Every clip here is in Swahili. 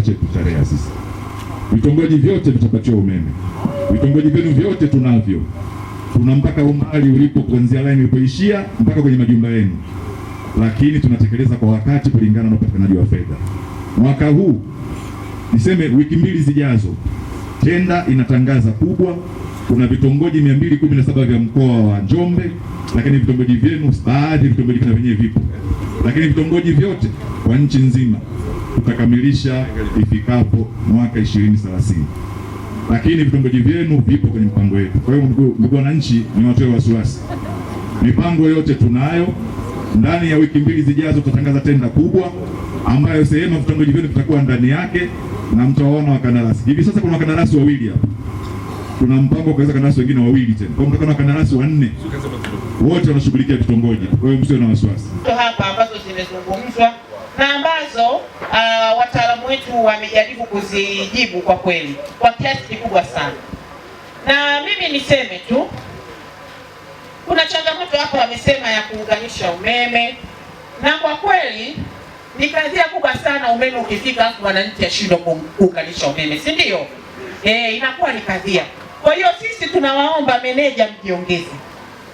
chetu Tarea sisi vitongoji vyote vitapatiwa umeme. Vitongoji vyenu vyote tunavyo, tuna mpaka umbali ulipo kuanzia laini ilipoishia mpaka kwenye majumba yenu, lakini tunatekeleza kwa wakati kulingana na upatikanaji wa fedha. Mwaka huu niseme, wiki mbili zijazo, tenda inatangaza kubwa. Kuna vitongoji 217 vya mkoa wa Njombe, lakini vitongoji vyenu, baadhi vitongoji vina vyenyewe vipo, lakini vitongoji vyote kwa nchi nzima tutakamilisha ifikapo mwaka 2030 lakini vitongoji vyenu vipo kwenye mpango wetu. Kwa hiyo ndugu wananchi, watoe wasiwasi, mipango yote tunayo. Ndani ya wiki mbili zijazo tutatangaza tenda kubwa ambayo sehemu ya vitongoji vyenu vitakuwa ndani yake na mtaona wakandarasi. Hivi sasa kuna wakandarasi wawili hapa, tuna mpango wa kuweza kandarasi wengine wawili tena, kwa mtakana wakandarasi wanne, wote wanashughulikia vitongoji. Kwa hiyo msio na wasiwasi hapa ambazo zimezungumzwa na ambazo uh, wataalamu wetu wamejaribu kuzijibu kwa kweli kwa kiasi kikubwa sana, na mimi niseme tu kuna changamoto hapo wamesema ya kuunganisha umeme, na kwa kweli ni kazi kubwa sana. Umeme ukifika afu wananchi ashindwa kuunganisha umeme, si ndio? Eh, inakuwa ni kadhia. Kwa hiyo sisi tunawaomba meneja, mjiongeze,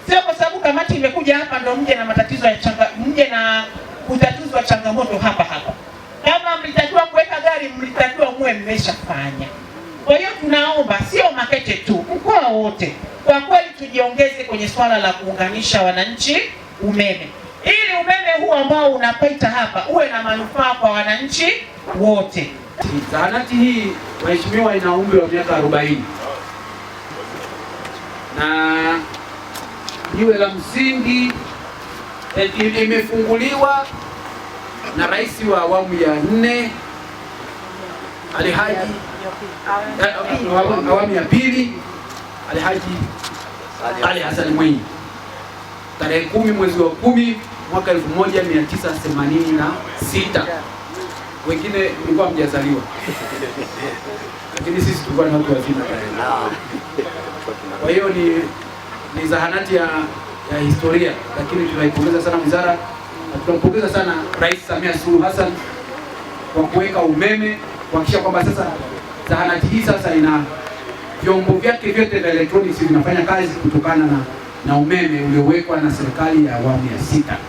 sio kwa sababu kamati imekuja hapa ndo mje na matatizo ya changa, mje na kutatuzwa changamoto hapa hapa mlivyotakiwa kuweka gari mlitakiwa muwe mmeshafanya. Kwa hiyo tunaomba sio Makete tu, mkoa wote kwa kweli tujiongeze kwenye swala la kuunganisha wananchi umeme, ili umeme huu ambao unapita hapa uwe na manufaa kwa wananchi wote. Zahanati hii mheshimiwa, ina umri wa miaka 40 na jiwe la msingi eh, imefunguliwa na rais wa awamu ya nne Alhaji awamu ya pili Alhaji Ali Hassan Mwinyi tarehe kumi mwezi wa kumi mwaka 1986. Wengine mlikuwa mjazaliwa lakini sisi tulikuwa ni watu wazima. Kwa hiyo ni ni zahanati ya, ya historia, lakini tunaipongeza sana wizara na tunampongeza sana Rais Samia Suluhu Hassan kwa kuweka umeme kuhakikisha kwamba sasa zahanati hii sasa ina vyombo vyake vyote vya elektroniki vinafanya kazi kutokana na, na umeme uliowekwa na serikali ya awamu ya sita.